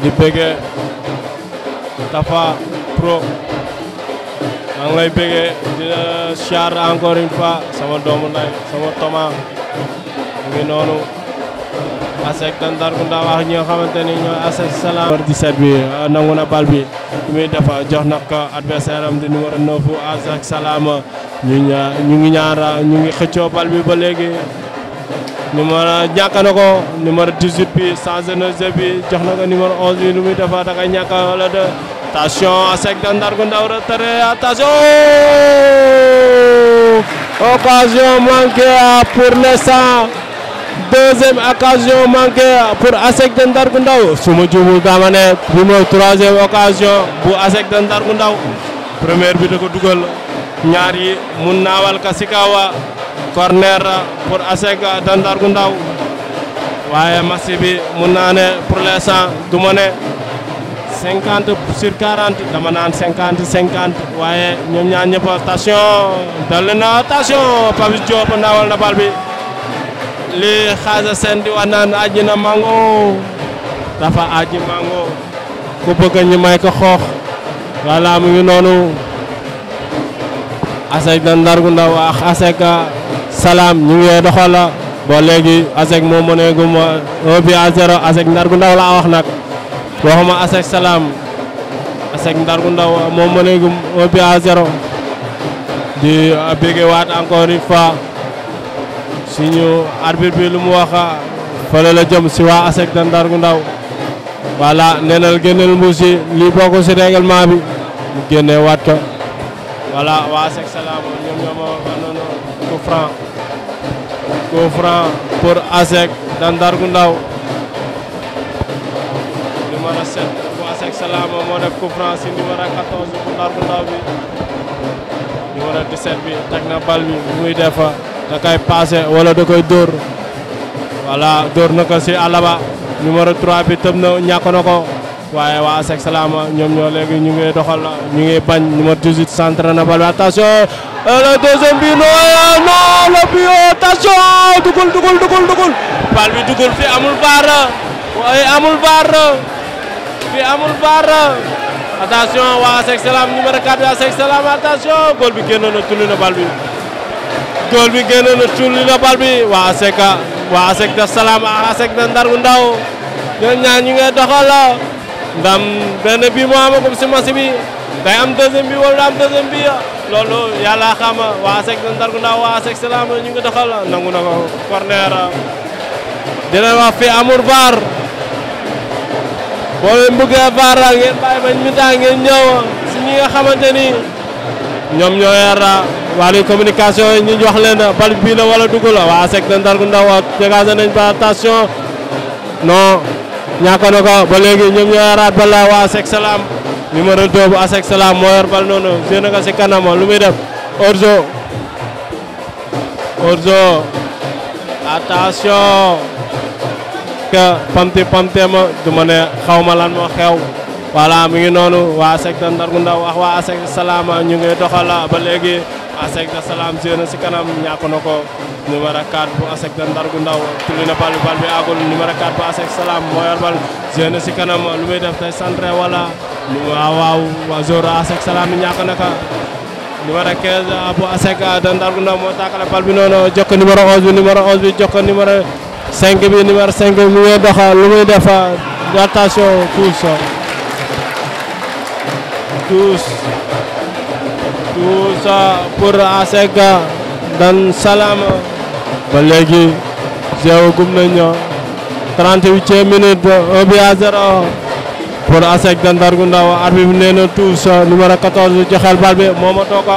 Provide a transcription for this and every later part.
di bëggee Tapha Pro maa ngi lay bëggee di la encore une fois sama doomu nday sama toma mu ngi noonu ASEC Ndargou Ndaw ak ñi nga xamante ni ñooy ASEC Salam numéro 17 bi euh, nangu na bal bi muy def euh, jox na ko di numéro 9 ASEC Salam ñu ñaara ñu ngi xëccoo bal bi ba léegi numéro ñàkk na ko numéro 18 bi changé na jeu jox na ko numéro 11 bi lu muy defaat da koy ñàkk wala de attention ASEC de Ndargou Ndaw retiré attention occasion manquée pour l'instant deuxième occasion manquée pour ASEC de Ndargou Ndaw su ma juumul dama ne bu mooy bu ASEC de Ndargou Ndaw bi da ko dugal ñaar yi mun naawal Kasikawa corner pour waaye match bi mun naa pour l'instant du ma ne 50 sur 40 dama naan 50 50 waaye ñoom ñaar ñëpp attention dal na attention Papis Diop ndawal na bal bi li xaasa seen di wax naan aji na mango dafa aji mango ku bëgg ñu may ko xoox voilà mu ngi noonu ASEC Ndargou-Ndaw ak ASEC salaam ñu ngi doxal ba léegi ASEC moo mëneegum 1 Ndargu Ndaw laa wax nag waxuma ASEC salaam ASEC Ndargu Ndaw moo mëneegum 1 di bége waat encore une fois suñu arbitre bi lu mu wax fële la jëm si waa ASEC da Ndargu Ndaw voilà nee génneel mbuus yi lii bokk si règlement bi mu génne waat ko voilà waa ASEC salaam ñoom ñoo ma noonu coup franc Go Franc pour ASEC dans Ndargu Ndaw numéro 7 bu ASEC moo def coup si numéro 14 bu Ndargu bi numéro 17 bi teg na bal bi muy defa da koy passé wala da koy dóor voilà dóor na si alaba numéro 3 bi tëb na ñàkk na ko waaye waa ASEC Salama ñoom ñoo léegi ñu ngi doxal ñu ngi bañ numéro 18 centre na bal bi attention Euh, le deuxième bi non non le but dugul dugul dugul dugul bi dugul fi amul VAR waaye amul VAR fi amul VAR attention waa Asec Salam numéro 4 bi Salam attention góol bi génnoon na na bal bi góol bi génnoon na na bal bi waa Asec waa Asec def Salam Asec na Ndargu Ndaw ñoom ñaar ñu ngi doxal ndam benn bi moo amagum si match bi day am deuxième bi am deuxième loolu yàlla xam waa sec Ndargu Ndaw waa sec Salam ñu ngi doxal nangu na ko corner di leen wax fii amul VAR boo leen bëggee VAR ngeen bàyyi ba ñu taa ngeen ñëw si ñi nga xamante ni ñoom ñoo yor wàllu communication yi ñu wax leen bal bii wala dugg waa sec Ndargu Ndaw dégagé nañ ba attention non ñàkk na ko waa sec Salam. numéro 2 bu ASEC Salam moo yor bal noonu jeu ko si kanam lu muy def Orzo Orzo attention que pamti pamte ma du ma ne xaw ma lan moo xew voilà mi ngi noonu waa ASEC da gu Ndaw wax waa ASEC Salam ñu ngi doxal ba léegi ASEC da Salam jeu si kanam ñàkk na ko numéro 4 bu ASEC da Ndargu Ndaw tulli na bal bi bal bi àggul numéro 4 bu ASEC Salam moo yor bal jeu si kanam lu muy def tey centré wala waaw waaw wa Zora Asek Salam ñàkk na ka numéro 15 Abou Asek de ah, Ndargu Ndaw moo tàkkale bal bi noonu jokk numéro 11 bi numéro 11 bi jokk numéro 5 bi numéro 5 lu muy def ah, attention tous tous tous ah, pour Asek dan Salam ba léegi jéego gum nañu 38e minute 1 bi à 0 pour ASEC Ndargou Ndaw arbitre bi nee na tous euh, numéro 14 joxal bal bi mooma tooka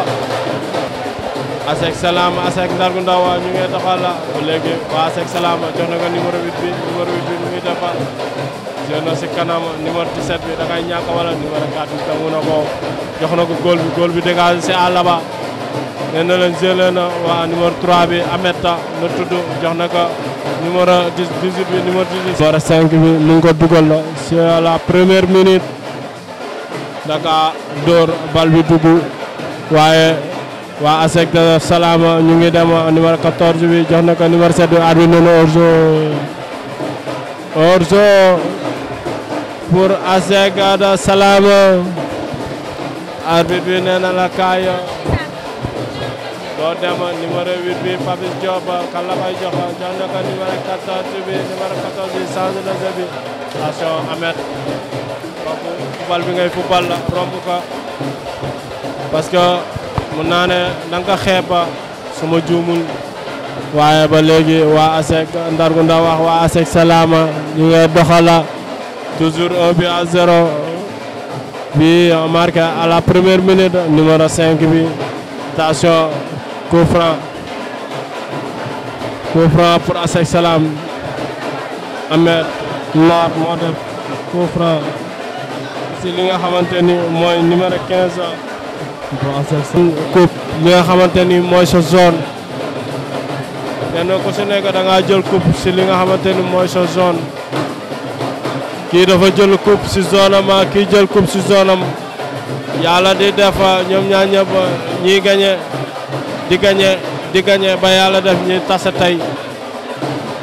ASEC Salam ASEC Ndargou Ndaw ñu ngi doxal la léegi waa ASEC Salam jox na ko numéro 8 bi numéro 8 bi mu ngi defar jël na si kanam numéro 17 bi da ngay ñàkk wala numéro 4 bi tamu na ko jox na ko góol bi góol bi dégage si àll ba nee na leen jëlee na waa numéro 3 bi Ameth la tudd jox na ko numéro 18 bi numéro 18. numéro 5 bi nu ngi ko dugal sur la première minute daka dóor bal bi dugg waaye waa ASEC Salam ñu ngi dem numéro 14 bi jox na ko numéro 7 bi arbitre noonu hors-jeu hors-jeu pour ASEC Salam arbitre bi nee na la kaay numéro 8 bi Papis Diop kan la koy jox numéro 14 bi numéro 14 bi changé na bi bi ngay football romb ko parce que mun naa ne da nga ko xeeb su ma juumul waaye ba léegi waa ASEC ndargu ndaw wax waa ASEC salaama ñu ngi doxala toujours 1 bi à 0 bi marqué la première minute numéro bi attention coup franc coup franc pour Assec Salam Ahmed Nar moo def coup franc si li nga xamante ni mooy numéro 15 pour li nga xamante ni mooy sa zone kenn ku si nekk jël coupe si li nga xamante ni mooy sa zone kii dafa jël coupe si zone am kii jël coupe si zone am yàlla di def ñoom ñaar ñëpp ñiy gagné di gagné di gagné ba yàlla tey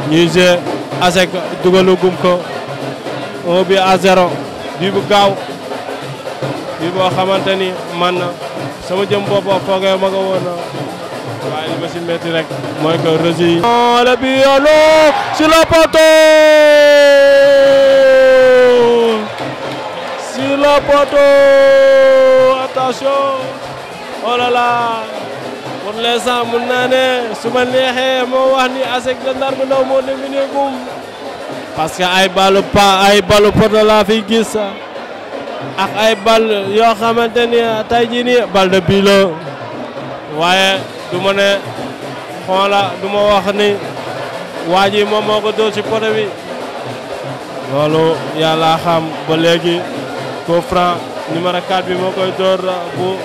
ñuy joué ASEC dugalu gum ko un bi à bi bu bi boo xamante ni man sama jëm boppam foogee ma ko waaye li ma si rek mooy que rési yi. Oh, le but est long sur le pour l'instant mun naa ne su ma neexee moo wax ni ASEC Ndargou Ndaw moo nominé gum parce que ay balu pa ay balu poto laa fi gis ak ay bal yoo xamante ni tey jii nii bal de bii la waaye du ma ne xoola du ma wax ni waa ji moom moo ko dóor ci poto bi loolu yàlla xam ba léegi coup franc numéro 4 bi moo koy dóor bu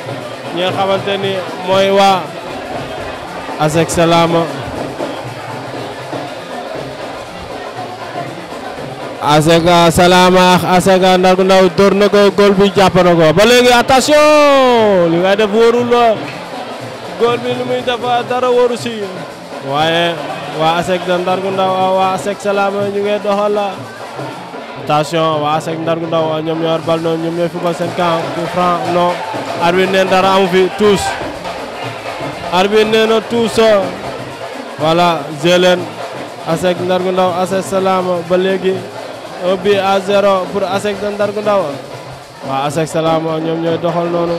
ñi xamante ni mooy waa asek salaama aseka salaama ndaw dóor na ko góol bi jàpp na ko ba léegi attention li ngay def wóorul góol bi lu muy def dara wóoru si waaye waa asek da ndargu ndaw waa asek salaama ñu ngi doxal la attention waa asek ndargu ndaw ñoom ñoo bal noonu ñoom ñoo fi ba seen camp pour franc non arbitre neen dara amu fi tous arbitre nee na tous voilà Zelen ASEC Ndargu Ndaw ASEC Salam ba léegi un but à zéro pour ASEC ñoom ñooy doxal noonu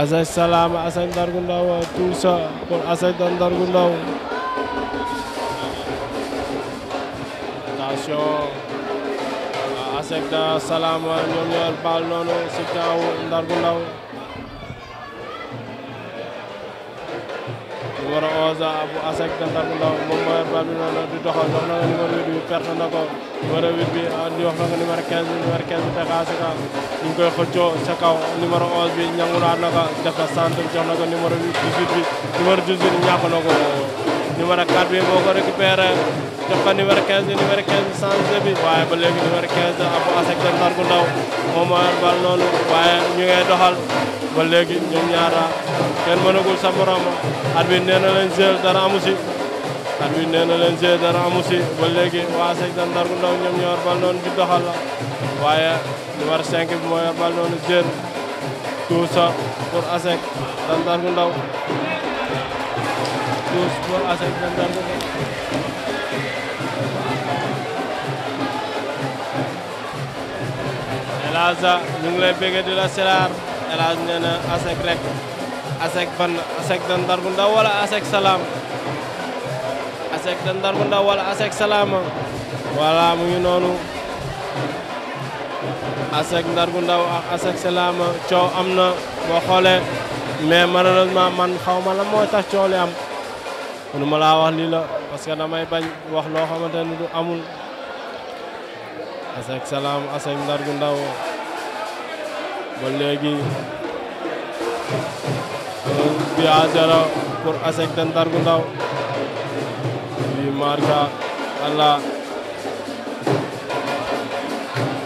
ASEC Salam ASEC Ndargu Ndaw tous pour ASEC de secteur salaam ñoom ñoo baal noonu si kaw Ndar gu ndaw numéro 11 bu ASEC Ndar gu noonu di doxal wax na nga numéro 8 bi perte na ko numéro 8 bi ah, di na nga numéro 15 bi numéro 15 bi fekk ASEC ñu ngi bi ñangu na ko def na centre jox na ko numéro 8 18 bi numéro 18 ñàkk na ko numéro 4 bi moo ko récupéré jox ko numéro 15 bi numéro 15 bi changé bi waaye ba léegi numéro 15 Abou Assec de Ndargu Ndaw moo yor bal noonu waaye ñu ngay doxal ba léegi ñoom ñaara kenn mënagul sa morom bi nee na dara amu si bi nee na dara amu ba léegi waa Assec de Ndargu Ndaw ñoom ñoo yor bal noonu di doxal waaye numéro 5 bi moo bal noonu jël tout ça pour Assec de Göz bu az Elaaza ñu ngi di la silaar Elaaza nee na asek rek asek ban asek dan dar bu ndaw asek salaam asek dan dar asek salaama voilà mu ngi noonu asek ndar asek salaama coow am na boo xoolee mais malheureusement man xaw ma la coow li am mënu ma wax lii la parce que damay bañ wax loo xamante ni du amul asak salaam asak ndar gu ndaw ba léegi bi a dara pour asak te ndar bi marka allah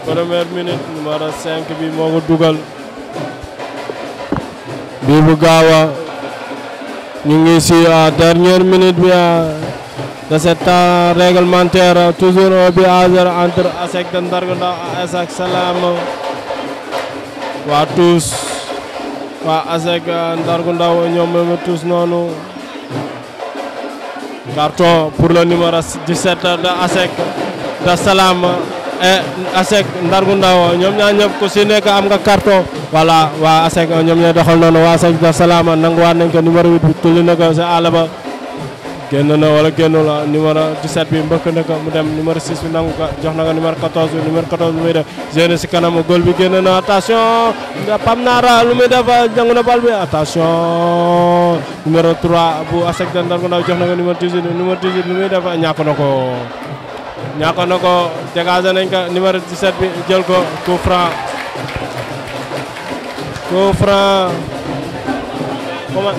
première minute numéro bi moo ko dugal bi bu gaawa ñu ngi si euh, dernière minute bi euh, de cet euh, toujours au but entre ASEC de Ndargu Ndaw ASEC waa tous waa ASEC Ndargu Ndaw ñoom tous noonu carton pour le numéro 17 de ASEC de Salam et ASEC Ndargu ñoom ñaar ñëpp ku si nekk am nga carton voilà waa ASEC ñoom ñooy doxal noonu waa ASEC Dar Salaam nanguwaat nañ ko numéro 8 bi tulli na ko sa ba génn na wala génnu la numéro 17 bi mbëkk na ko mu dem numéro 6 bi nangu ko jox na ko numéro 14 bi numéro 14 bi muy def génn si Ndaw jox na ko numéro 18 numéro 18 lu muy def ñàkk na ko ñàkk na ko dégagé nañ ko numéro 17 bi jël ko coup franc Coup franc comment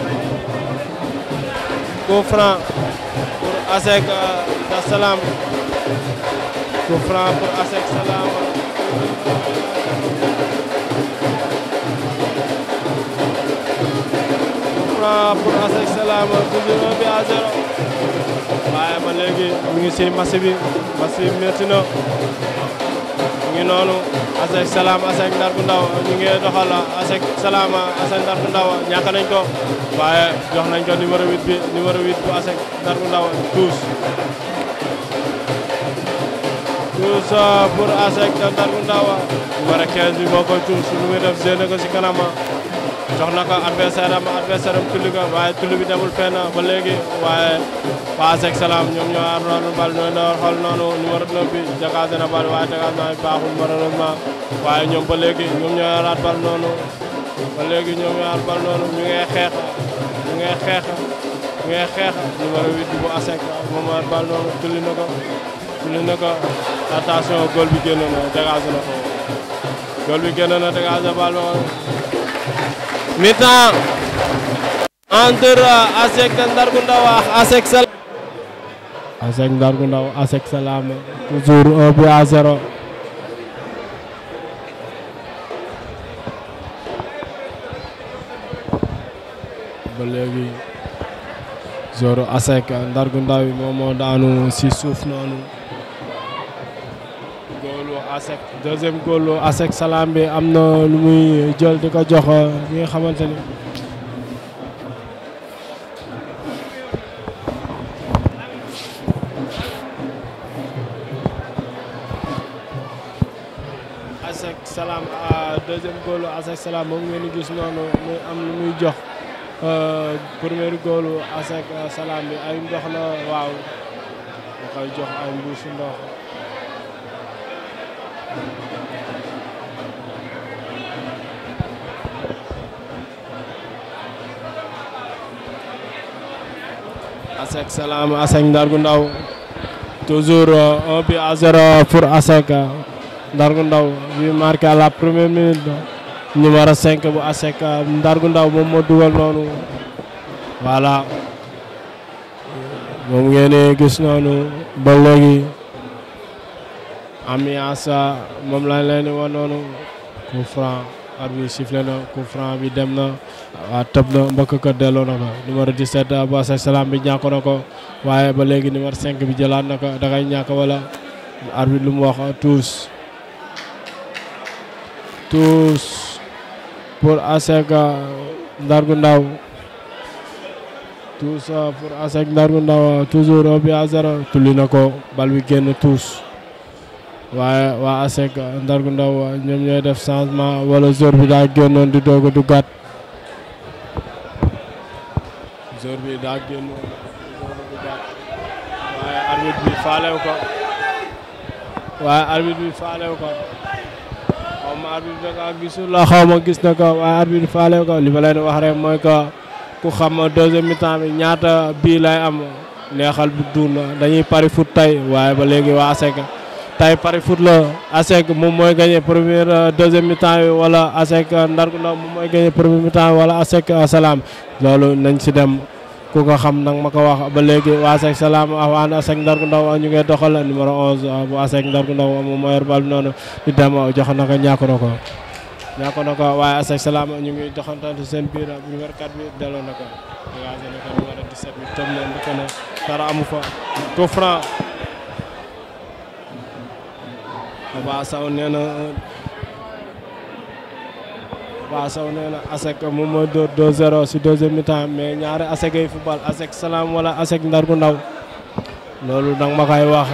coup franc pour Assec euh, Salam coup franc pour Assec Salam coup franc pour Assec Salam toujours bi à waaye ba léegi ñu ngi ci match bi match bi noonu Assec Salam Assec Ndar bu ndaw ñu ngi doxal Assec Salam Assec Ndar bu jox nañ ko numéro 8 bi numéro 8 bu Assec Ndar bu ndaw 12 12 pour Assec bu ndaw numéro 15 bi moo koy tuus lu muy def jéene ko si kanam jox na ko adversaire am adversaire am tulli ko waaye tulli bi demul fenn ba léegi waaye passe ak salaam ñoom ñoo àndoon bal ñooy door xool noonu numéro 9 bi na bal waaye jakaase naa baaxul malheureusement waaye ñoom ba léegi ñoom ñoo ñoom ñoo yoraat bal noonu ñu ngi xeex ñu bu ASEC moom yoraat bal noonu tulli na ko tulli bi génn na jakaase na bal mi-temps entre ASEC Ndargou Ndaw ak ASEC Salam ASEC Ndargu Ndaw ASEC Salama ba léegi zoro ASEC Ndargu Ndaw moom daanu si suuf noonu. góolu ASEC deuxième góolu ASEC Salam bi am na lu muy jël di ko jox ñi nga deuxième góolu ASEC Salam moom ngeen gis noonu muy am lu muy jox euh, premier góolu ASEC Salam bi ay ndox la waaw da koy jox ay mbuusu ndox ASEC Salam ASEC Ndargu Ndaw toujours 1 euh, but à pour ASEC Ndargu Ndaw bi marqué à la première minute numéro 5 bu ASEC Ndargu moom moo dugal noonu voilà moom ngeen gis noonu ba léegi ambiance moom lañ leen wan noonu coup franc arbitre sifflé na coup franc bi dem na waa tëb na mbëkk ko delloo na ko numéro 17 bu ASEC Salam bi ñàkk na ko waaye ba léegi numéro 5 bi jëlaat na ko da ngay wala arbitre lu mu wax tous tous pour ASEC Ndargou Ndaw tous ah, pour ASEC Ndargou Ndaw toujours au but à tulli na ko bal bi génn tous waaye waa ASEC Ndargou Ndaw ñoom ñooy def changement wala joueur bi daa génnoon di doog a duggaat joueur bi daa génnoon waaye arbitre bi faalew ko waaye arbitre bi faalew ko waaw ma arbitre bi a gisul la xaw ma gis na ko waaye arbitre faale ko li ma leen wax rek mooy que ku xam deuxième mi-temps bi ñaata bii lay am neexal bu dund dañuy pari foot tey waaye ba léegi waa ASEC tey pari foot la ASEC moom mooy gagné première euh, deuxième mi-temps bi wala ASEC euh, Ndargou Ndaw moom mooy gagné première mi-temps bi wala ASEC euh, Salam loolu nañ si dem. ku ko xam nag ma ko wax ba léegi waa Assec Salam waan Assec Ndargu Ndaw ñu ngi doxal numéro 11 bu Assec Ndargu Ndaw moom moo bal bi noonu di dem jox na ko ñàkk na ko ñàkk na ko waaye Assec Salam ñu ngi doxantantu seen biir numéro 4 bi delloo na ko dégagé na ko numéro 17 amu fa tout franc waa saw nee na waaw Sow nee na ASEC moom mooy dóor 2-0 si deuxième mi mais ñaari ASEC ay football ASEC Salam wala ASEC Ndar Ndaw loolu danga ma koy wax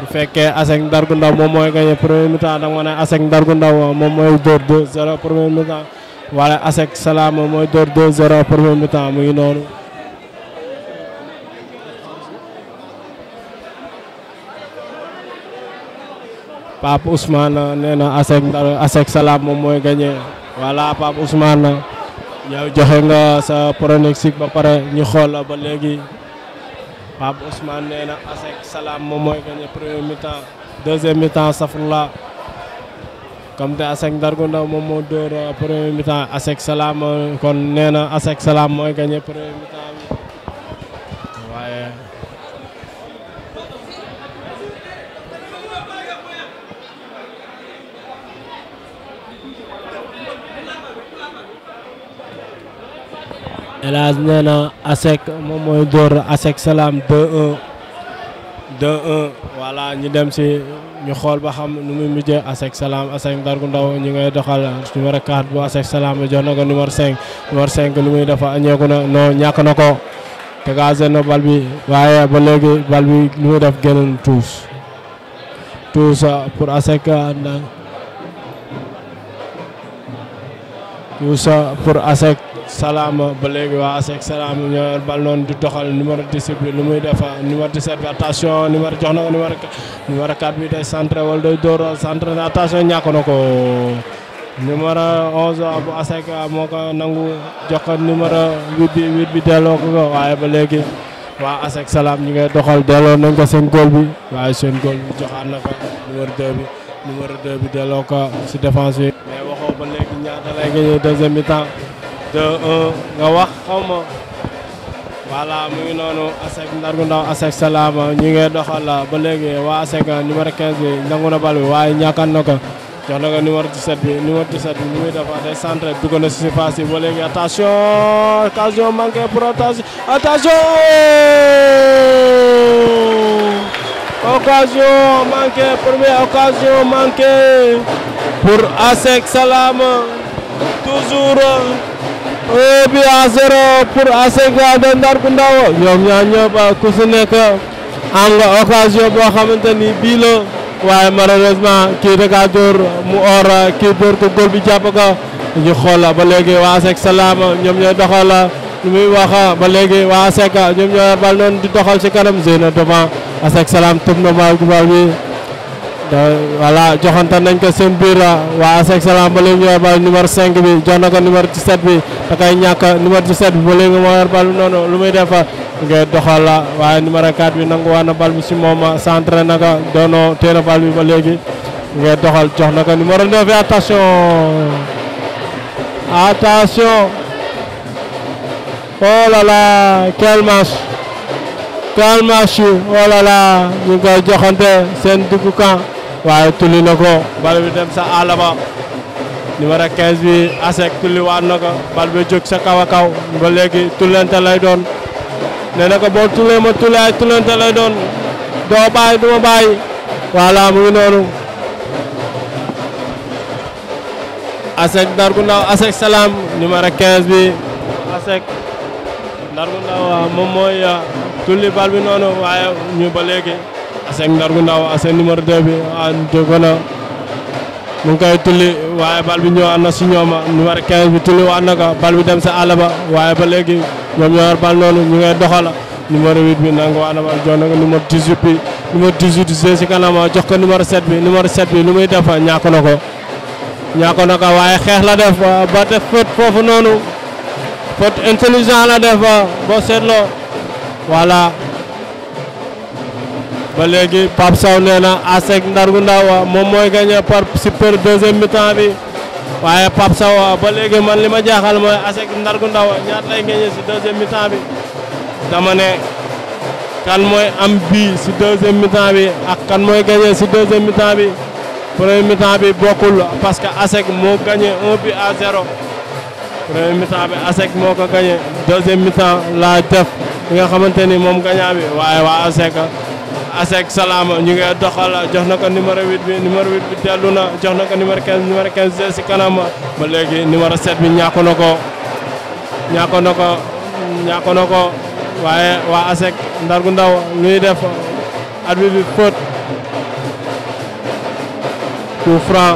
bu fekkee ASEC Ndar gu Ndaw moom mooy gagné premier mi-temps danga ma ne ASEC Ndar Ndaw moom mooy dóor 2-0 premier mi-temps wala ASEC Salam mooy dóor 2-0 premier mi mu ngi voilà Pape Ousmane yow joxe nga sa pronostic ba pare ñu xool ba léegi Pape Ousmane nee na ASEC Salam moom mooy gagné premier mi-temps deuxième mi-temps Safrula comme te ASEC Ndargou moom moo dóor euh, premier mi-temps ASEC Salam euh, kon nee na ASEC Salam mooy gagné premier mi Elage nee na Asec moom mooy dóor Asec Salam 2-1 2-1 voilà ñu dem si ñu xool ba xam nu muy mujjee Asec Salam Asec Ndargu Ndaw ñu ngay doxal numéro 4 bu Asec Salam jox na ko numéro 5 numéro 5 lu muy dafa añeeku na non ñàkk na ko dégagé na bal bi waaye ba léegi bal bi lu muy def génn tuus tuus pour Asec Moussa pour ASEC Salama ba léegi waa ASEC Salama ñoo bal noonu di doxal numéro 10 bi lu muy def numéro 17 bi attention numéro jox na ko numéro numéro 4 bi ko numéro 11 bu ASEC moo ko nangu jox ko numéro 8 bi 8 bi delloo ko waaye ba léegi waa ASEC Salam ñu ngay doxal delloo nañ ko seen góol bi waaye seen góol bi joxaat na ko numéro 2 bi numéro 2 bi delloo ko si défense bi waxoo ba léegi ñaata lay gagné deuxième mi-temps 2-1 nga wax xaw ma voilà noonu ASEC Ndargu Ndaw ASEC Salam ñi ngi doxal ba léegi waa ASEC numéro 15 bi nangu na bal bi waaye ñàkkan na ko jox na ko numéro 17 bi bi ni muy dafa day centre dugg na si surface yi ba léegi attention occasion manquée pour attention attention pour ASEC Salam toujours un but à zéro pour ASEC de ñoom ñaar ñëpp ku nekk am nga boo xamante ni bii waaye malheureusement kii rek a mu or kii dóor ko góol bi jàpp ko ñu xool ba léegi waa ASEC Salam ñoom ñooy doxal lu muy wax ba léegi waa ASEC ñoom ñooy bal noonu di doxal ci kanam Zeyna devant ASEC Salam tëb na baal bi. voilà joxante nañ ko seen biir waa ASC Excellence ba léegi ñu yor bal numéro 5 bi jox na ko numéro 17 bi da koy ñàkk numéro 17 bi ba léegi moo yor bal bi noonu lu muy def nga doxal waaye numéro 4 bi nangu waa na bal bi si moom centré na ko doonoo téere bal bi ba léegi nga doxal jox na ko numéro 9 bi attention attention oh là là quel oh ñu ngi joxante seen dugg camp waaye tulli na ko bal bi dem sa alaba numéro 15 bi asek tulli waat na ko bal bi sa kaw a ba léegi tullente doon nee na ko boo tullee ma ay tullente lay doon doo bàyyi du ma bàyyi voilà mu ngi noonu asek Ndargu Ndaw asek Salam numéro 15 bi asek Ndargu Ndaw moom mooy uh, tulli bal noonu waaye ñu ba léegi Assec Ndargu Ndaw Assec numéro 2 bi waaw Diogono mu ngi koy tulli waaye bal bi ñëwaat na si ñoom numéro 15 bi tulli waat na ko bal bi dem sa àll ba waaye ba léegi ñoom ñoo yor bal noonu ñu ngay doxala numéro 8 bi nangu waat na bal jox na ko numéro 18 bi numéro 18 di si kanam jox ko numéro 7 bi numéro 7 bi lu muy def ñàkk na ko ñàkk na ko waaye xeex la def ba def fët foofu noonu fët intelligent la def boo seetloo voilà ba léegi Pape Sow nee na ASEC Ndargu Ndaw moom mooy gagné par super deuxième mi-temps bi waaye Pape Sow ba léegi man li ma jaaxal mooy ASEC Ndargu Ndaw ñaata lay gagné si deuxième mi bi dama ne kan mooy am bii si deuxième mi bi ak kan mooy gagné si deuxième mi-temps bi premier mi bi bokkul parce que ASEC moo gagné un but à zéro premier mi bi ASEC moo ko gagné deuxième mi laa def li nga xamante ni moom gagnant bi waaye waa ASEC asek salaam ñu ngi doxal jox na ko numéro 8 bi numéro bi dellu na jox na ko numéro 15 numéro 15 de si kanam ba léegi numéro 7 bi ñàkk na ko ñàkk na ko ñàkk na ko waaye waa asek ndar ndaw lu def at bi bi fóot coup franc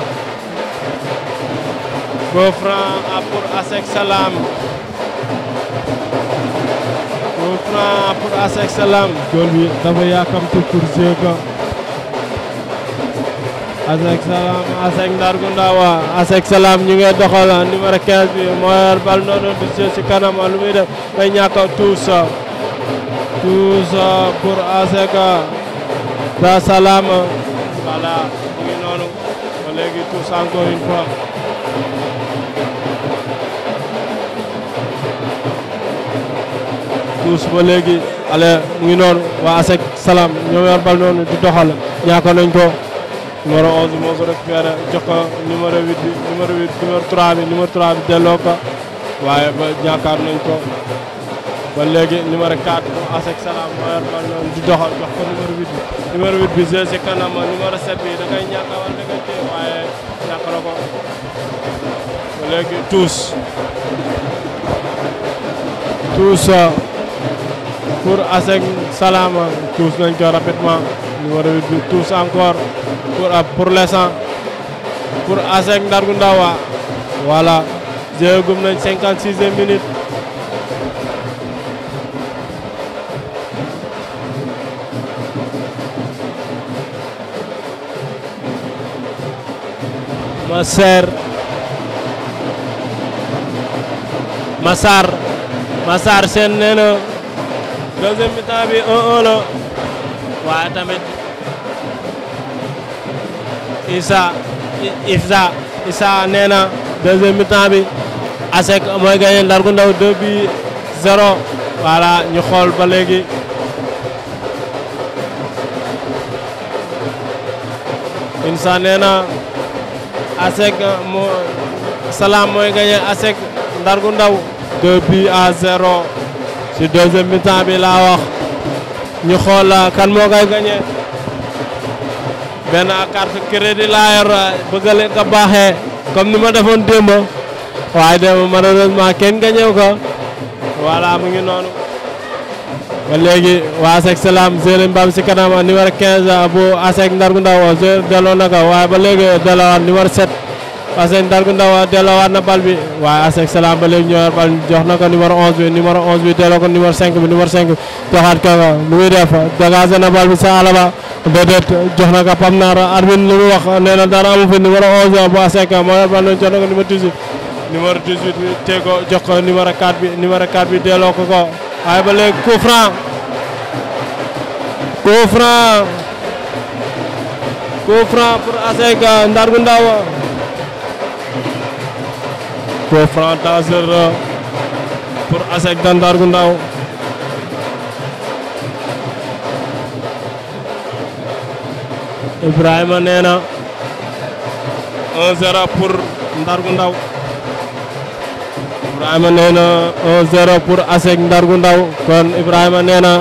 coup franc pour asek salaam vraiment pour ASC Salam góol bi dafa yàkkamti pour jouer ko ASC bi moo yor bal noonu di jouer ci kanam lu muy def day ñàkk tous tous pour ASC da Salam voilà ñu noonu ba léegi tous encore une douze ba léegi ale mu ngi noonu waa ASEC salaam ñoom yor bal noonu di doxal ñaaka nañ ko numéro 11 moo ko récupéré jox ko numéro 8 bi numéro 8 numéro 3 bi delloo ko waaye ba ñaakaar nañ ko ba léegi numéro 4 ASEC salaam moo bal noonu di doxal jox ko numéro 8 bi numéro 8 bi jël si kanam numéro 7 bi da ngay ñàkk wala da waaye ñàkk na ko ba léegi tous tous pour Assec Salam tous nañ ko rapidement numéro 8 bi tous encore pour ah, pour l'instant pour Assec Ndargu Ndawa voilà jéegum nañ 56e minute Massar Massar Massar seen nee deuxième mi-temps bi 1-1 waaye tamit Issa Issa Issa nee na deuxième mi mooy gagné Ndargu Ndaw 2 bi 0 voilà ñu xool ba léegi Issa nee na ASEC mo mooy gagné ASEC Ndargu Ndaw 2 bi ci deuxième mi-temps bi laa wax ñu xool euh, kan moo koy gagné benn carte crédit laa yor euh, bëgg leen ko baaxee comme ni ma defoon démb waaye démb malheureusement kenn gagné ko voilà mu ngi noonu. ba léegi waa ASEC Salam Zélim Bam si kanam numéro 15 bu ASEC Ndargu Ndaw Zélim delloo na waaye ba léegi delloo numéro 7. Assec a Ndaw delloowaat na bal bi waaye Assec Salam ba léegi ñëwaat bal jox na ko numéro 11 bi numéro 11 bi delloo ko numéro 5 bi numéro 5 bi joxaat ko na bal bi sa alaba déedéet jox na ko Pam Naar arbitre bi jox ko numéro 4 bi numéro 4 bi delloo ko ko waaye ba léegi coup franc coup franc coup franc pour Assec Ndargu Ndaw Euh, pour Franc Danger pour Assec Ndargou Ndaw Ibrahima nee na 1-0 Ndaw Ibrahima nee na 1-0 pour Ndaw kon Ibrahima nee na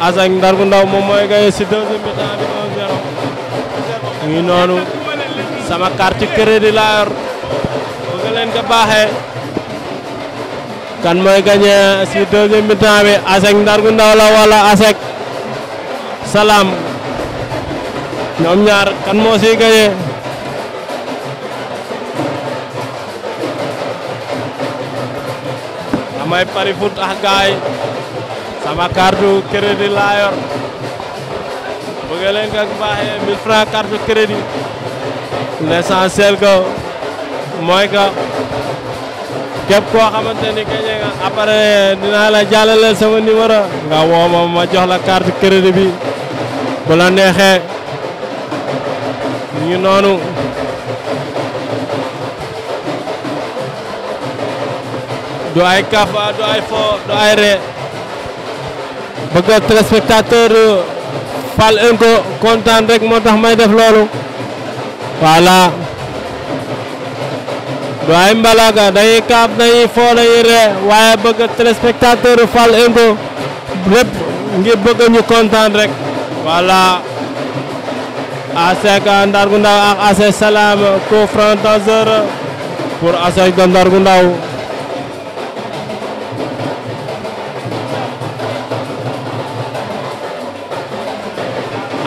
Assec Ndargou Ndaw moom mooy gaye ci deuxième mi-temps bi 1-0 noonu sama carte crédit laa yor ca baaxee kan mooy gagné si deuxième mi-temps bi ASEC Ndargu Ndaw la wala ASEC Salam ñoom ñaar kan moo siy gagné damay pari foot ak gaay sama carte crédit laa yor bëgg leen ko baaxee 1000 francs carte crédit l'essentiel que mooy que képp koo xamante ni kañ nga après dinaa la jàllaleel sama numéro nga woo ma ma jox la carte crédit bi bu la neexee ñu noonu. du ay kafa du ay fo du ay ree bëgg a téléspectateur Fal&Co kontaan rek moo tax may def loolu voilà. Ibrahima Mbalaga dañuy kaab dañuy foo dañuy ree waaye bëgg téléspectateur Fal Inco lépp ngir bëgg ñu kontaan rek voilà ASEC Ndargu Ndaw ak ASEC Salam coup franc danger pour ASEC de Ndargu Ndaw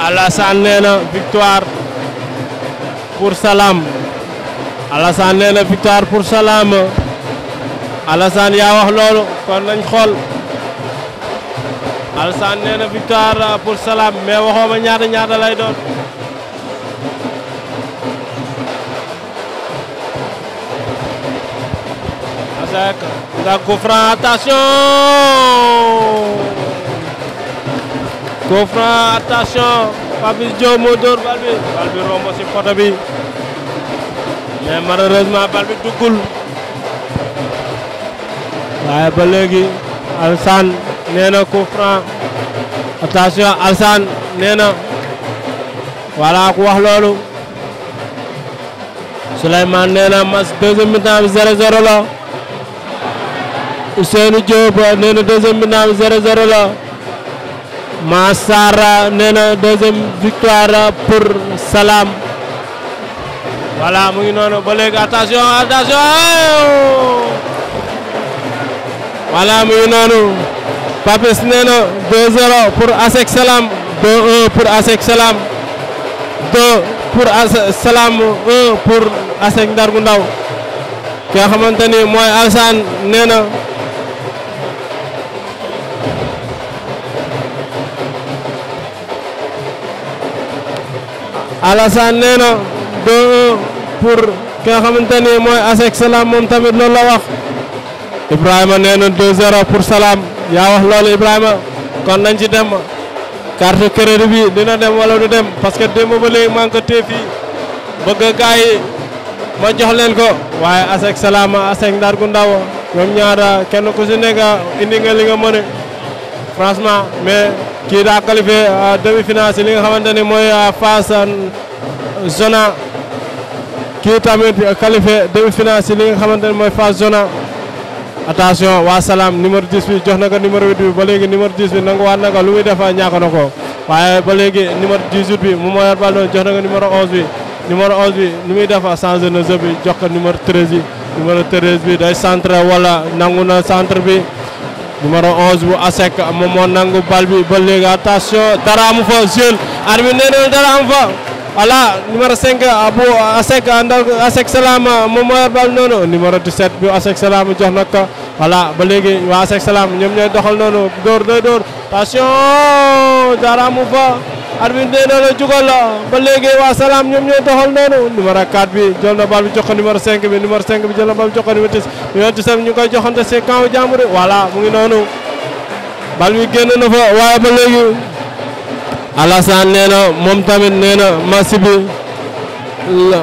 Alassane nee na victoire pour Salam Alassane nee na victoire pour Salam Alassane yaa wax loolu kon nañ xool Alassane nee na victoire pour Salam mais waxoo ma ñaata ñaata lay doon. Asak ndax coup franc attention coup franc attention Papis Diop moo dóor bal bi bal bi romb ci poto bi. mais malheureusement bal bi duggul waaye ba léegi Alsaan nee na coup franc attention Alsaan nee na voilà ku wax loolu Souleymane nee na match deuxième mi-temps bi 0-0 la Ousseynou Diop nee na deuxième mi-temps bi 0-0 la Massara nee na deuxième victoire pour Salam voilà mu ngi noonu ba léegi attention attention voilà mu ngi noonu Papis nee na 2-0 pour Asec Salam 2-1 pour Asec Salam 2 pour Asec Salam 1 Ndaw ki nga xamante ni mooy Alsaan nee 2 pour ki nga xamante ni mooy ASEC Salam moom tamit loolu la wax Ibrahima nee na 2 pour salaam yaa wax loolu Ibrahima kon nañ ci dem carte crédit bi dina dem wala du dem parce que démb ba léegi maa bëgg gaa ma jox leen ko waaye ASEC Salam ASEC Ndar ndaw ñoom ñaara kenn ku si nekk indi nga li nga mën franchement mais kii daa qualifié euh, demi-finale si li nga xamante ni mooy phase euh, euh, zona kii tamit qualifié demi-finale si li nga xamante ne mooy phase zona attention waa salaam numéro 10 bi jox na ko numéro 8 bi ba léegi numéro 10 bi nanguwaat na ko lu muy def ah ñàkk ko waaye ba léegi numéro 18 bi moom moo yor bal doon jox na ko numéro 11 bi numéro 11 bi nu muy def ah changé na jeu bi jox ko numéro 13 bi numéro 13 bi day centre wala nangu na centre bi numéro 11 bu ASEC moom moo nangu bal bi ba léegi attention dara am voilà numéro 5 bu Asec ndaw Asec Salam moom moo yor bal noonu numéro 17 bu Asec Salam jox na ko voilà ba léegi waa Asec Salam ñoom ñooy doxal noonu dóor day dóor attention jaaraamu fa arbitre day doon a jugal ba léegi waa Salam ñoom ñooy doxal noonu numéro 4 bi jël na bal bi jox ko numéro 5 bi numéro 5 bi jël na bal bi jox ko numéro 10 numéro 17 bi ñu koy joxante si camp jàmbur voilà mu ngi noonu bal bi génn na fa Alassane nee na moom tamit nee na match bi la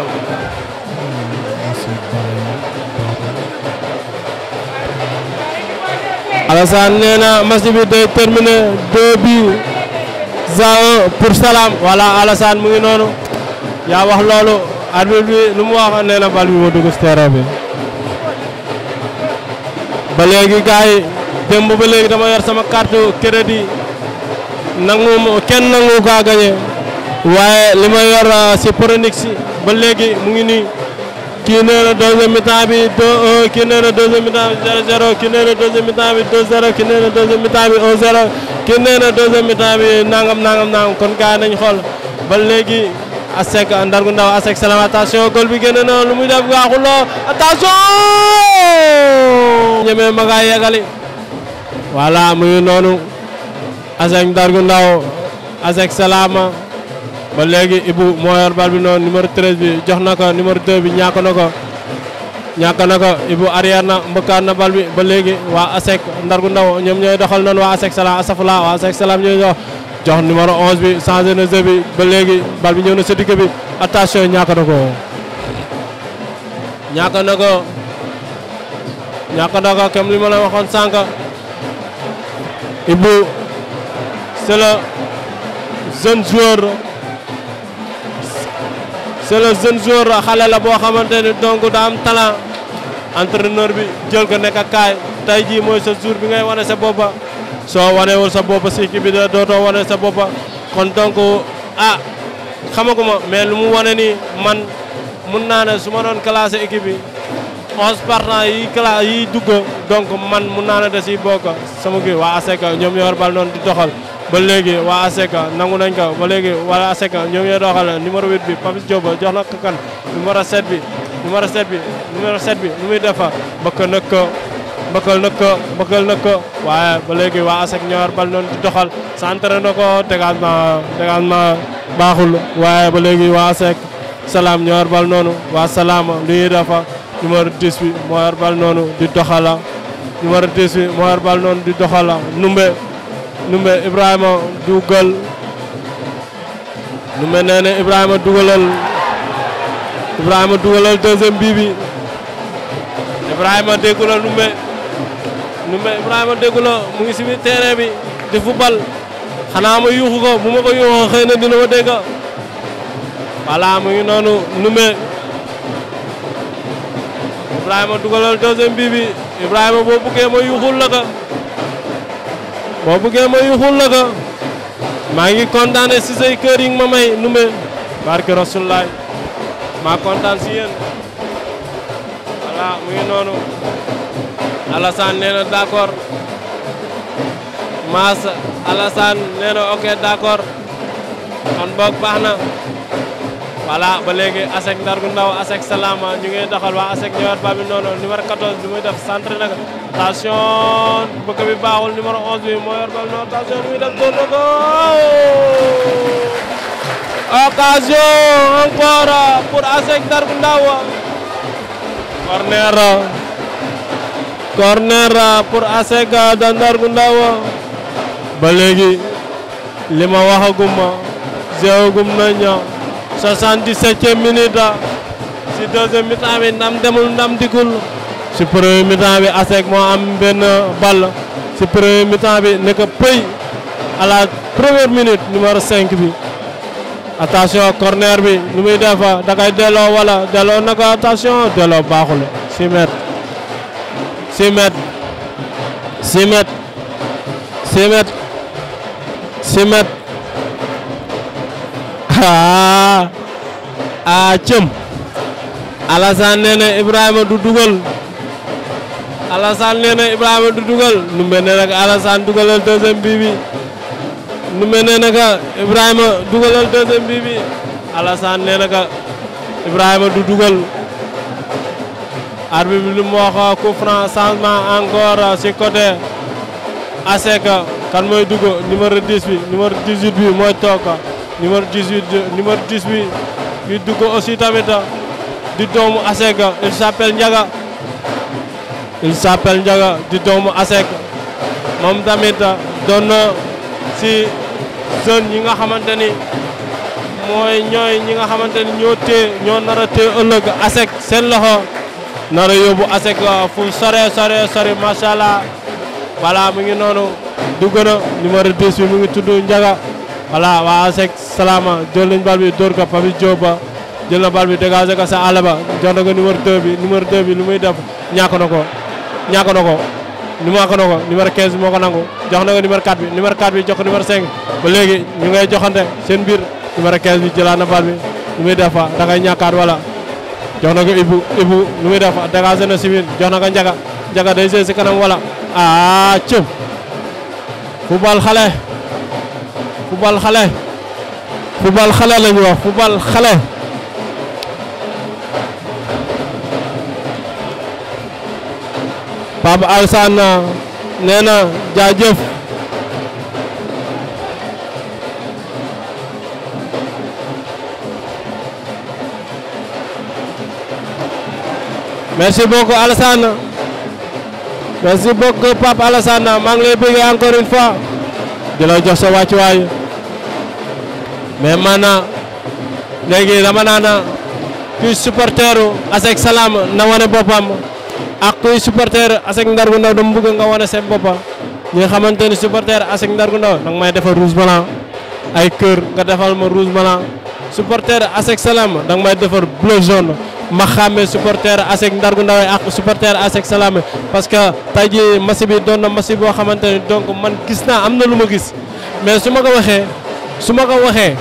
Alassane nee na match bi pour Salam voilà Alassane mu ngi noonu yaa wax loolu arbitre bi lu mu wax nee bal bi moo dugg si bi ba léegi gars démb ba léegi dama yor sama carte crédit nangu kenn nangu kaa gañe waaye li ma yor ah, si Pronix ba léegi mu ngi nii kii nee na deuxième mi-temps bi 2 euh, kii nee na deuxième mi-temps nangam nangam nangam kon gaa nañ xool ba léegi ASEC Ndargu Ndaw ASEC Salam attention bi génn na lu muy def waaxuloo attention ñemee ma gaa yegali voilà muy noonu Assec Ndargu Ndaw Assec Salama ba léegi Ibou moo yor bal bi noonu numéro 13 bi jox na ko numéro 2 bi ñàkk na ko ñàkk na ko Ibou arrière na mbëkkaan na bal bi ba léegi waa Assec Ndargu Ndaw ñoom ñooy doxal noonu waa Assec Salam asafula waa Assec Salam ñooy jox numéro 11 bi changé na jeu bi ba léegi bal bi ñëw na sa digg bi attention ñàkk na ko ñàkk na ko ñàkk na ko comme li ma la waxoon sànq c'est le jeune joueur c'est xale la boo xamante ni donc da am talent entraîneur bi jël ko nekk kaay tey jii mooy sa jour bi ngay wane sa boppa soo wane wanewul sa boppa si équipe bi da dootoo wane sa boppa kon donk ah xamaguma mais lu mu wane nii man mun naa ne su ma doon classé équipe bi onze partants yi cla yi dugg donc man mun naa ne da si bokk sama kii waa ASEC ñoom ñoo war bal noonu di doxal ba léegi waa ASECA nangu nañ ko ba léegi waa ASECA ñoo ngi doxal numéro 8 bi Papis Diop jox na ko kan numéro 7 bi numéro 7 bi numéro 7 bi nu muy defa bëkkal na ko bëkkal na ko bëkkal na ko waaye ba léegi waa ASEC ñoo bal noonu di doxal centre na ko dégagement dégagement baaxul waaye ba léegi waa ASEC salaam ñoo bal noonu waa salaam lu ñuy defa numéro 10 bi moo bal noonu di doxala numéro 10 bi moo bal noonu di doxala numbe numbe Ibrahima dugal numbe nee na Ibrahima dugalal Ibrahima dugalal deuxième bii bi Ibrahima déggu la numbe numbe mu ngi si biir terrain bi di football xanaa ma yuuxu ko bu ma ko yuuxoo xëy na mu ngi noonu numbe Ibrahima dugalal deuxième bii bi Ibrahima boo buggee boo buggee ma maa ngi kontaane si say kër yi ma may nu me barke rasulaay maa kontaan si yéen voilà mu ngi noonu Maas Alassane nee na ok d'accord boog baax na voilà ba léegi ASEC Ndar ndaw ASEC Salama ñu ngi doxal waa ASEC ñëwaat ba bi noonu numéro 14 bi muy def centre nag attention bëkk baaxul numéro 11 bi moo yor ba noonu attention bi muy def góor na ko occasion encore pour ndaw corner corner pour ASEC da Ndar gu ndaw ba léegi li ma waxagum jeexagum 77e minute si deuxième mi-temps bi ndam demul ndam dikkul si premier mi bi ASEC moo am benn ball si premier mi bi nekk pëy à la première minute numéro 5 bi attention corner bi nu muy def da delloo wala delloo na ko delloo baaxul 6 mètres 6 mètres 6 mètres 6 mètres 6 mètres ah ah cëm Alassane nee na Ibrahima du dugal Alassane nee Ibrahima du dugal Numbe nee na ko dugalal deuxième bii Numbe nee na Ibrahima dugalal deuxième bii bi Alassane nee Ibrahima du dugal arbitre bi lu mu wax coup franc changement encore ci côté ASEC kan mooy dugg numéro 10 bi numéro 18 bi mooy toog. numéro 18 numéro 18 bi dugg aussi tamit di doomu Asek il s'appelle Ndiaga njaga di doomu Asek moom tamit doon na si zone yi nga xamante ni mooy ñooy ñi nga xamante ni ñoo téye ñoo nar a ëllëg Asek seen loxo nar a yóbbu Asek euh, fu sore sore sore macha allah balaa mu ngi noonu dugg na numéro 10 bi mu ngi tudd Ndiaga. voilà waa ASEC Salama jël nañ bal bi dóor ko Papis Diop ba jël na bal bi dégagé ko sa àll ba jox na ko numéro 2 bi numéro 2 bi lu muy def ñàkk na ko ñàkk na ko ñàkk na ko numéro 15 moo ko nangu jox na ko numéro 4 bi numéro 4 bi jox ko numéro 5 ba léegi ñu ngay joxante seen biir numéro 15 bi jëlaat na bal bi lu muy def fa da ngay ñàkkaat wala jox na ko Ibou Ibou lu muy def fa dégagé na simin jox na ko Njaga Njaga day see si kanam wala ah cëb football xale football xale football xale la ñu wax football xale Papa Alsana nee na jaajëf merci beaucoup Alassane merci beaucoup Pape Alassane maa ngi lay bëgg encore une fois di la jox mais maanaam léegi dama naan kuy supporteru ASEC Salam na wane boppam ak kuy supporter ASEC Ndar gu Ndaw dama nga wane seen boppam ñi nga xamante ni supporter ASEC Ndar gu Ndaw danga may defar rouge blanc ay kër nga defal ma rouge blanc supporter ASEC Salam danga may defar bleu jaune ma xàmmee supporter ASEC Ndargu Ndaw ak supporter ASEC salaam parce que tey jii match bi doon na match boo xamante ni donc man gis naa am na lu ma gis mais su ma ko waxee. su ma ko waxee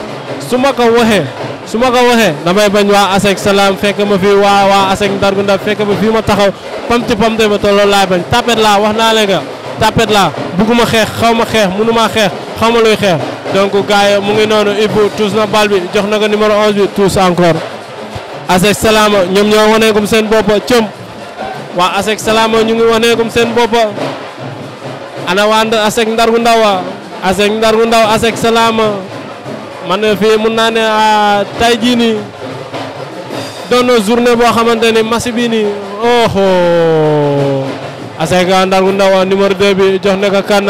su ma ko waxee su ma ko waxee damay bañ waa ASEC salaam fekk ma fi waa waa ASEC ndargu ndar fekk ma fii ma taxaw pamti pamte ma te loolu laay bañ tapet laa wax naa leen nga tapet laa bugguma xeex xaw ma xeex mënuma xeex xaw ma luy xeex donc gars mu ngi noonu Ibou tuus na bal bi jox na ko numéro 11 bi tuus encore ASEC salaam ñoom ñoo waneegum seen bopp cëm waa ASEC salaam ñu ngi waneegum seen bopp ana waa ASEC ndargu ndaw asek ndar gu ndaw asek salaama man fii mun naa ne ah, tey jii nii doon na journée boo xamante ni match bi nii oho asek ndar ndaw numéro 2 bi jox na ko kan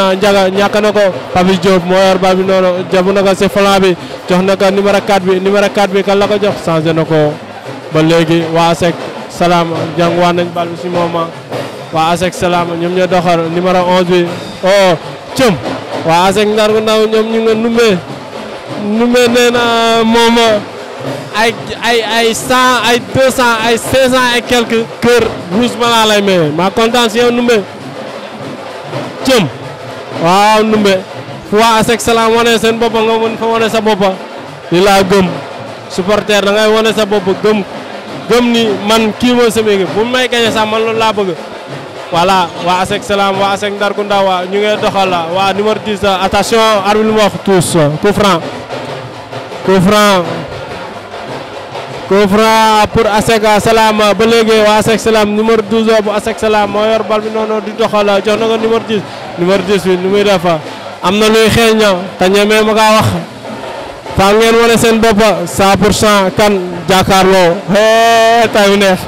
ñàkk na ko Papis Diop moo yor bal noonu jabu na ko si flanc bi jox na ko numéro bi numéro 4 bi kan ko jox changé na ko ba léegi waa asek salaama jàng waa nañ bal bi si waa asek salaama ñoom ñoo doxal numéro 11 bi oh cëm waa ASEC Ndargu Ndaw ñoom ñu nga numee numee nee na moom ay ay ay cent ay deux ay cinq cent et quelques kër rouge mala lay maye maa kontaan si yow numee cëm waaw numee fu waa ASEC Salam wane seen bopp nga mën fa wane sa boppa li laa gëm supporter da wane sa bopp gëm gëm ni man kii mooy sama équipe bu may gañe sax man loolu laa bëgg voilà waa ASEC Salam waa ASEC Ndargu Ndaw waa ñu ngi doxal waa numéro 10 attention arbitre bi wax tous coup franc coup franc coup franc pour ASEC Salam ba léegi waa ASEC Salam numéro 12 bu ASEC Salam moo yor bal bi noonu di doxal jox na ko numéro 10 numéro 10 bi nu muy def am na luy xeeñ te ñemee ma wax fa ngeen wane seen bopp 100 pour cent kan jàkkaarloo tay neex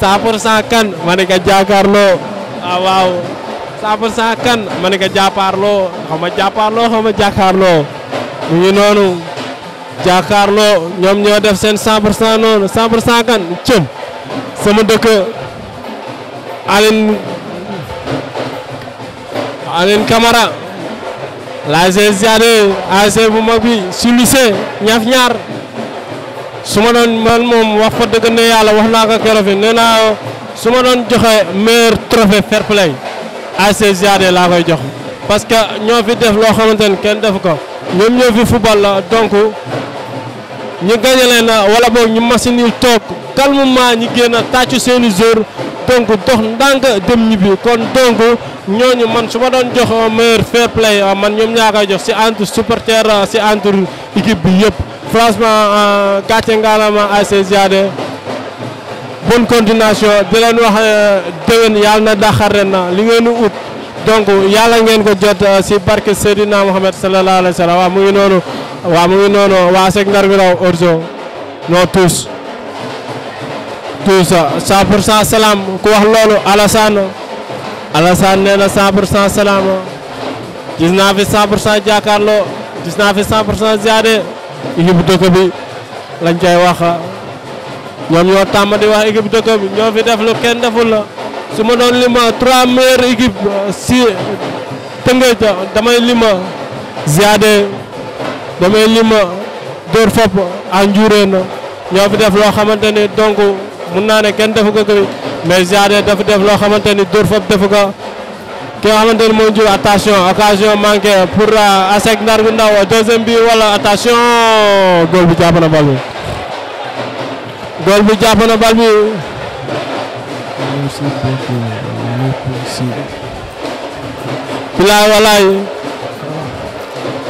100% kan ma ne ka jàkkaarloo ah waaw 100% kan ma ne ka jàppaarloo xaw ma jàppaarloo xaw ma jàkkaarloo mu ngi noonu jàkkaarloo ñoom ñoo def seen 100% noonu 100% kan cëm sama dëkk Aline Aline Camara la GCAD ASC bu mag bi su lycée ñaar su ma doon man moom wax fa dëgg ne yàlla wax naa ko keroog fi nee naa su ma doon joxee meilleur trophée fair play ASC Ziadé laa koy jox parce que ñoo fi def loo xamante ni kenn def ko ñoom ñoo fi football la donc ñu gagné leen wala boog ñu machine yi toog calmement ñi génn tàccu seeni jour donc dox ndànk dem ñibbi kon donc ñooñu man su ma doon jox meilleur fair play man ñoom ñaa koy jox si entre supporter si entre équipe bi yëpp franchement gàcce ngaalama ASC Diadé bonne continuation di leen wax euh, déwén yàlla na daxar na li ngeen ut donc yàlla ngeen ko jot euh, si barke Seydina Mohamed sallallahu alayhi wa sallam waaw mu ngi noonu waaw mu ngi noonu waa Seck Ndar bi raw Orzo non tous tous 100 pour cent salaam ku wax loolu Alassane Alassane nee na 100 pour cent salaam gis naa fi 100 pour cent jàkkaarloo gis naa fi 100 pour cent Diadé équipe bu dëkk bi lañ cay wax ñoom ñoo tàmm di wax équipe dëkk bi ñoo fi def lu kenn deful la su ma doon lima trois meilleures équipes euh, si Tëngéej damay lima ziade damay lima Dóor Fop ak Njuureen ñoo fi def loo xamante ni donc mun naa ne kenn defu ko mais ziade dafa def loo xamante ni Dóor defu ko ki nga xamante ne moo jur attention occasion manquée pour euh, ASEC Ndargou Ndaw deuxième bi wala attention góol bi jàpp na bal bi góol bi jàpp bal bi bilaay walaay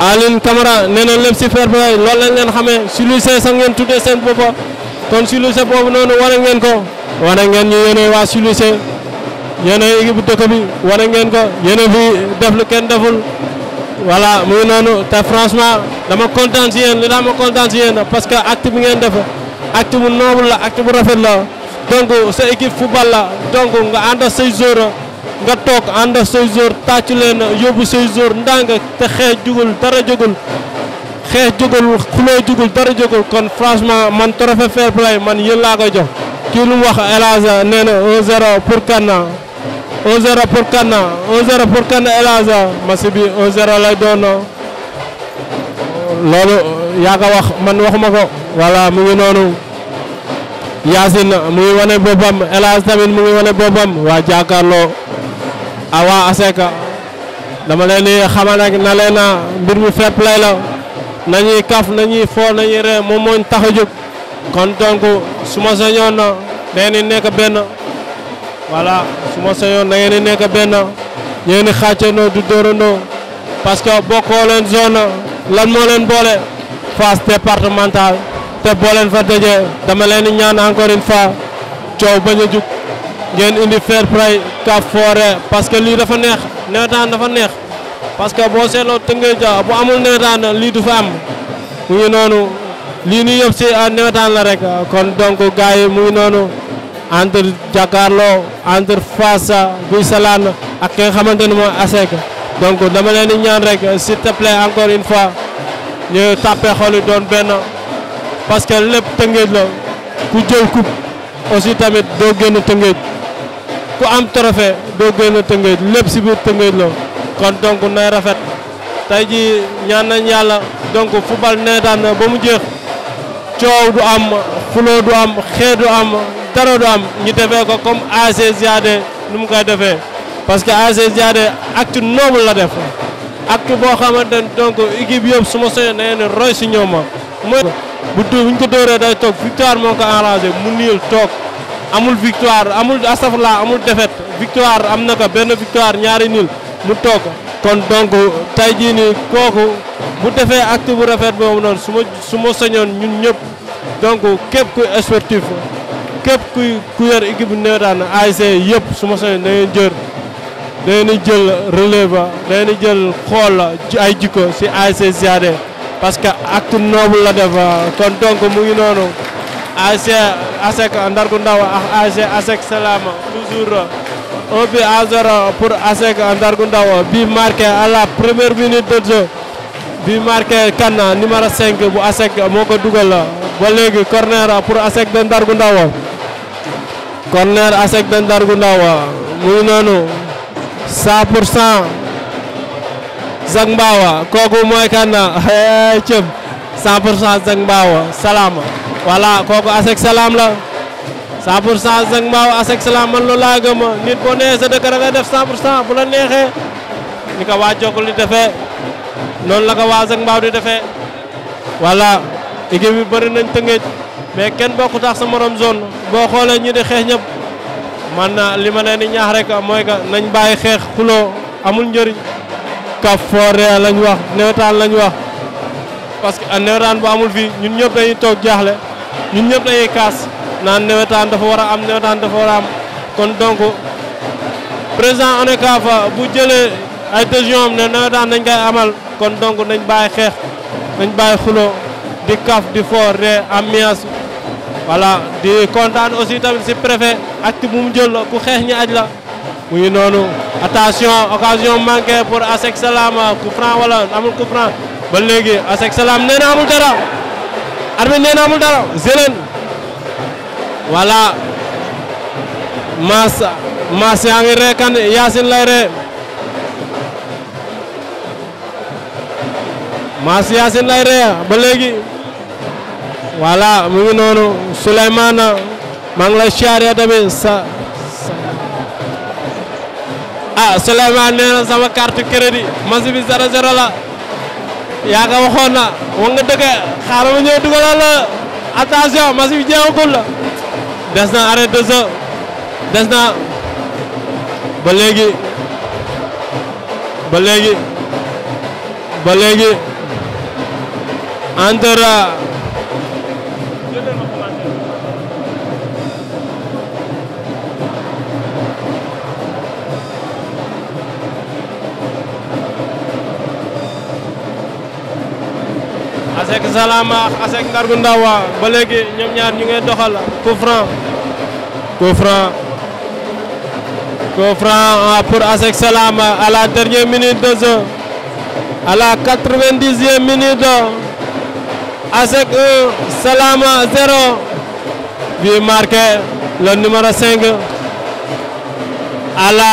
Aline Camara nee na si fair play lañ leen xamee si lu ngeen tuddee seen bopp kon si lu noonu wane ko wane ñu yéene waa si yéena équipe bu dëkk bi wane ngeen ko yéena fi def lu kenn deful voilà muy noonu te franchement dama kontaan si yéen li dama kontaan si yéen parce que acte bi ngeen def acte bu noble la acte bu rafet la donc sa équipe football la donc nga ànd ak say joueur nga toog ànd ak say joueur tàcc leen yóbbu say joueur ndànk te xeex jugul dara jugul xeex jugul xuloo jugul dara jugul kon franchement man trophée fair play man yéen laa koy jox kii lu mu wax El 1-0 pour Kana 1-0 pour Kana El Hadj match lay doon loolu yaa ko wax man waxuma ko voilà mu ngi noonu Yacine mu ngi wane boppam El tamit mu ngi wane boppam waa jàkkaarloo a waa Aseka dama leen xamal rek na leen mbir mi fair play la nañuy kaf nañuy foo nañuy ree moom moo ñu tax a jóg kon donc su ma sañoon na day nekk benn. voilà su ma sañoon na di nekk benn ñeeni xàccandoo du dóorandoo parce que bokkoo leen zone lan moo leen boole phase départementale te boo leen fa dajee dama leen ñaan encore une fois coow bañ a jug ngeen indi fair play ka foore parce que lii dafa neex nawetaan dafa neex parce que boo seetloo tëngee ja bu amul nawetaan lii du fa am mu ngi noonu lii nii yëpp si ah, nawetaan la rek kon donc gars yi mu ngi noonu entre Jakaarlo entre Fass Guy Salane ak ki nga xamante ne mooy ASEC donc dama leen di ñaan rek s'il te encore une fois ñu tàppe xol yi doon benn parce que lépp tëngéej la ku jël coupe aussi tamit doo génn tëngéej ku am trophée doo génn tëngéej lépp si biir tëngéej la kon donc nay rafet tey ji ñaan nañ yàlla donc football nee daan ba mu jeex coow du am fuloo du am xee du am dara du am ñu defee ko comme ASC Ziadé nu mu koy defee parce que ASC Ziadé acte noble la def acte boo xamante ne donc équipe yëpp su ma soññee nee na roy si ma mooy bu tuuti bu ñu ko dóoree day toog victoire moo ko arrangé mu niil toog amul victoire amul astafurla amul défaite victoire am na ko benn victoire ñaari niil mu toog kon donc tey jii nii kooku bu defee acte bu rafet boobu noonu su ma su ma soñoon ñun ñëpp donc képp ku sportif. képp kuy ku yor équipe bu nawetaan ASC yëpp su ma soññ da ngeen jël da ngeen jël xool ay jikko si ASC Ziadé parce que acte noble la def kon donc mu ngi noonu ASC ASEC Ndargu Ndaw ak ASC ASEC Salam toujours un but à zéro pour ASEC Ndargu Ndaw bi marqué à la première minute de jeu bi marqué kan numéro 5 bu ASEC moo ko dugal ba léegi corner pour ASEC de Ndargu Ndaw corner ASEC de Ndargu Ndaw noonu 100 pour cent Zac Mbawa kooku mooy kan cëb 100 pour cent Zac Mbawa salaam voilà kooku ASEC salaam la 100 pour cent Zac Mbawa ASEC salaam man loolu laa gëm nit boo nee sa dëkk da def 100 pour cent bu la neexee ni ko waa Jokul di defee la ko waa Zac di defee voilà équipe bi bëri nañ tëngeej mais kenn bokku tax sa morom zone boo xoolee ñu di xeex ñëpp man na li ma leen di ñaax rek mooy que nañ bàyyi xeex xuloo amul njëriñ kaf foore lañ wax newetaan lañ wax parce que newetaan bu amul fii ñun ñëpp dañuy toog jaaxle ñun ñëpp dañuy kaas naan newetaan dafa war a am newetaan dafa war a am kon donc président ONCAV bu jëlee ay décision am ne nawetaan nañ koy amal kon donc nañ bàyyi xeex nañ bàyyi xuloo di kaf di foore ambiance voilà di kontaan aussi tamit si préfet acte bu mu jël ku xeex ñi aj la mu ngi noonu attention occasion manquée pour Asec Salam coup franc wala amul coup franc ba léegi Asec Salam nee na amul dara arbitre nee amul dara Zelen voilà Mass Mass yaa ngi kan Yacine lay ree ba léegi voilà mu ngi noonu Souleymane maa ngi lay siyaare tamit sa ah Souleymane nee na sama carte crédit match bi 0-0 la yaa nga waxoon na wax nga dëgg xaaral ñëw dugalal la attention match bi jeexagul la des na arrêt de des na ba léegi ba léegi ba léegi entre Salama ak Asek Ngargu Ndawa ba léegi ñoom ñaar ñu ngi doxal coup franc coup franc coup franc ah, pour Asek Salama la dernière minute de jeu la quatre-vingt-dixième minute Asek Salama zéro bi marqué le numéro cinq à la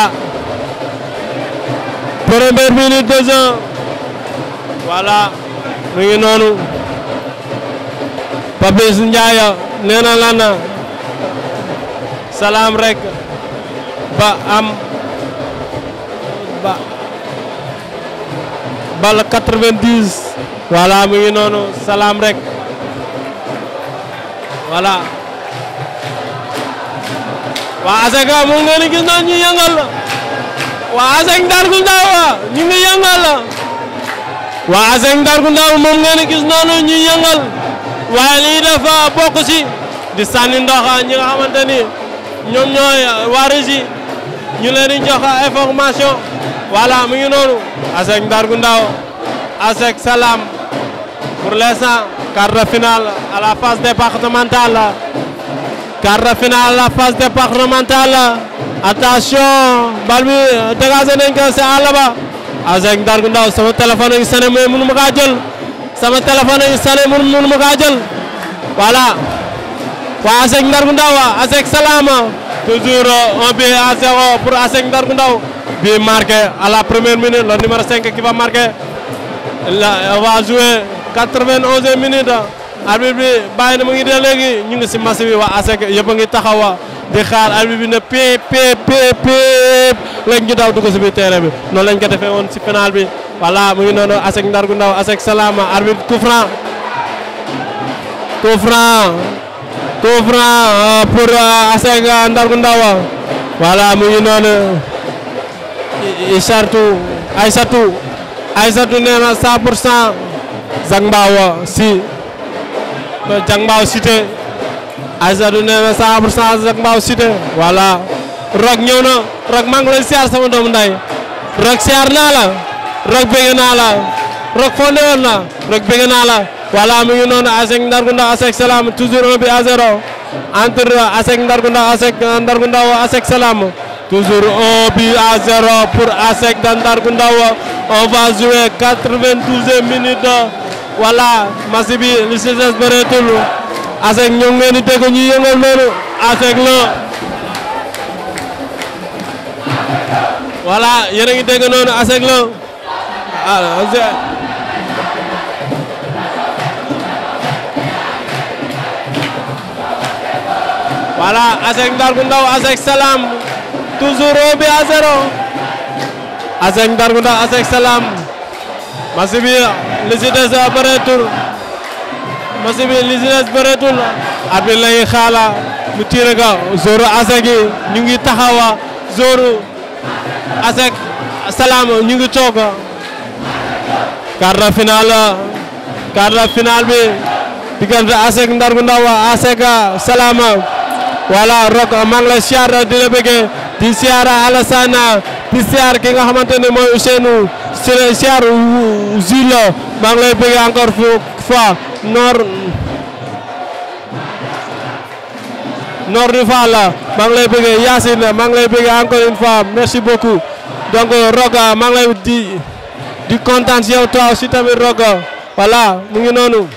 première minute de jeu voilà mu noonu Papis Ndiaye nee na lan salaam rek ba am ba bal 90 voilà mu ngi noonu salaam rek voilà waa asaka mu ngi leen noonu ñu yëngal waa asek Ndar gu ndaw ñu noonu ñu yëngal waaye lii dafa bokk ci di sànni ñi nga xamante ni ñoom ñooy waru ci ñu leen di jox information mu ngi noonu ASEC Ndargu Ndaw ASEC Salam pour l'instant quart de finale à la phase départementale quart de finale la phase départementale attention bal bi dégagé nañ ko ci àll ba ASEC Ndargu Ndaw sama téléphone ngi sene mais mënu ma kaa jël sama téléphone yi sale mun mun ma kaa jël voilà waa ASEC Ndargu Ndaw waa ASEC toujours euh, un but à zéro Ndargu Ndaw bi marqué à la première minute le numéro 5 qui va marquer la euh, va jouer 91 minute arbitre bi bàyyi na mu ngi dee ñu ngi si match bi waa ASEC yëpp a ngi taxawa di xaar arbitre bi ne péep péep péep péep lañ ñu daw bi noonu lañ ko defee woon si pénal bi voilà mu ngi noonu asek ndar gu ndaw asek salama arbitre coup franc coup franc coup franc euh, pour euh, ndar gu ndaw voilà mu ngi noonu Isartu Aysatu Aysatu nee na 100 pour cent Zang Mbao si Zang euh, Mbao cité Aysatu nee na 100 pour cent Zang Mbao cité voilà Rock ñëw na Rock maa ngi lay siyaar sama doomu nday Rock siyaar naa la rog bëgg naa la rog naa la voilà mu ngi noonu ASEC Ndargou Ndaw ASEC Salam toujours 1 bi à 0 entre ASEC Ndargou Ndaw ASEC euh, Ndargou Ndaw ASEC Salam toujours 1 but à 0 pour ASEC Ndargou Ndaw on va jouer 92 minute voilà match bi li ci des bëreetul ASEC ñoo ñu yëngal noonu a ngi la voilà Assec Ndargou Ndaw Assec Salam toujours au but à zéro Assec Ndargou Ndaw Assec Salam match bi li ci des bëreetul match bi li ci xaala mu tiire ga Zoro Assec ñu ngi taxawa Zoro Assec Salam ñu ngi toog quart de finale quart de finale bi diggante ASEC Ndargu Ndaw ASEC Salama voilà Rock maa ngi lay siyaar di la bëggee di siyaar di siyaar ki nga xamante ne mooy Ousseynou Sile siyaar Zula maa ngi lay bëggee encore fois Nord Nord du Fall maa ngi lay bëggee Yacine maa ngi lay bëggee encore une fois merci beaucoup donc Rock maa ngi lay di. di kontaan si yow toi aussi tamit Rogo voilà mu ngi noonu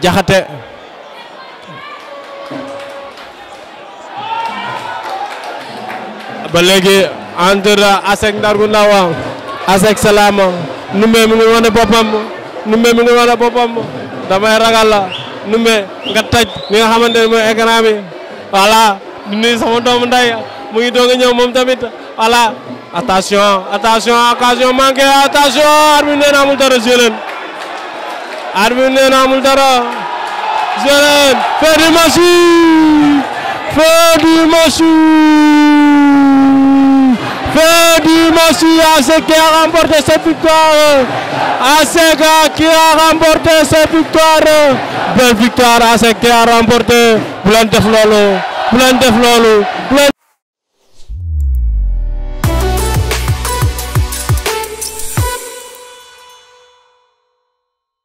jaxate ba léegi entre Asec Ndargu Ndaw Asec Salama Numbe mu ngi wane boppam Numbe mu ngi wane boppam damay ragal la Numbe nga taj li nga xamante ne mooy écran bi voilà di sama doomu nday mu ngi doog a ñëw moom tamit voilà attention attention occasion manqué attention arbitre nee na amul dara Julen arbitre nee na amul dara Julen feu du match feu a remporté cette victoire ACK a remporté cette victoire belle victoire ACK qui def loolu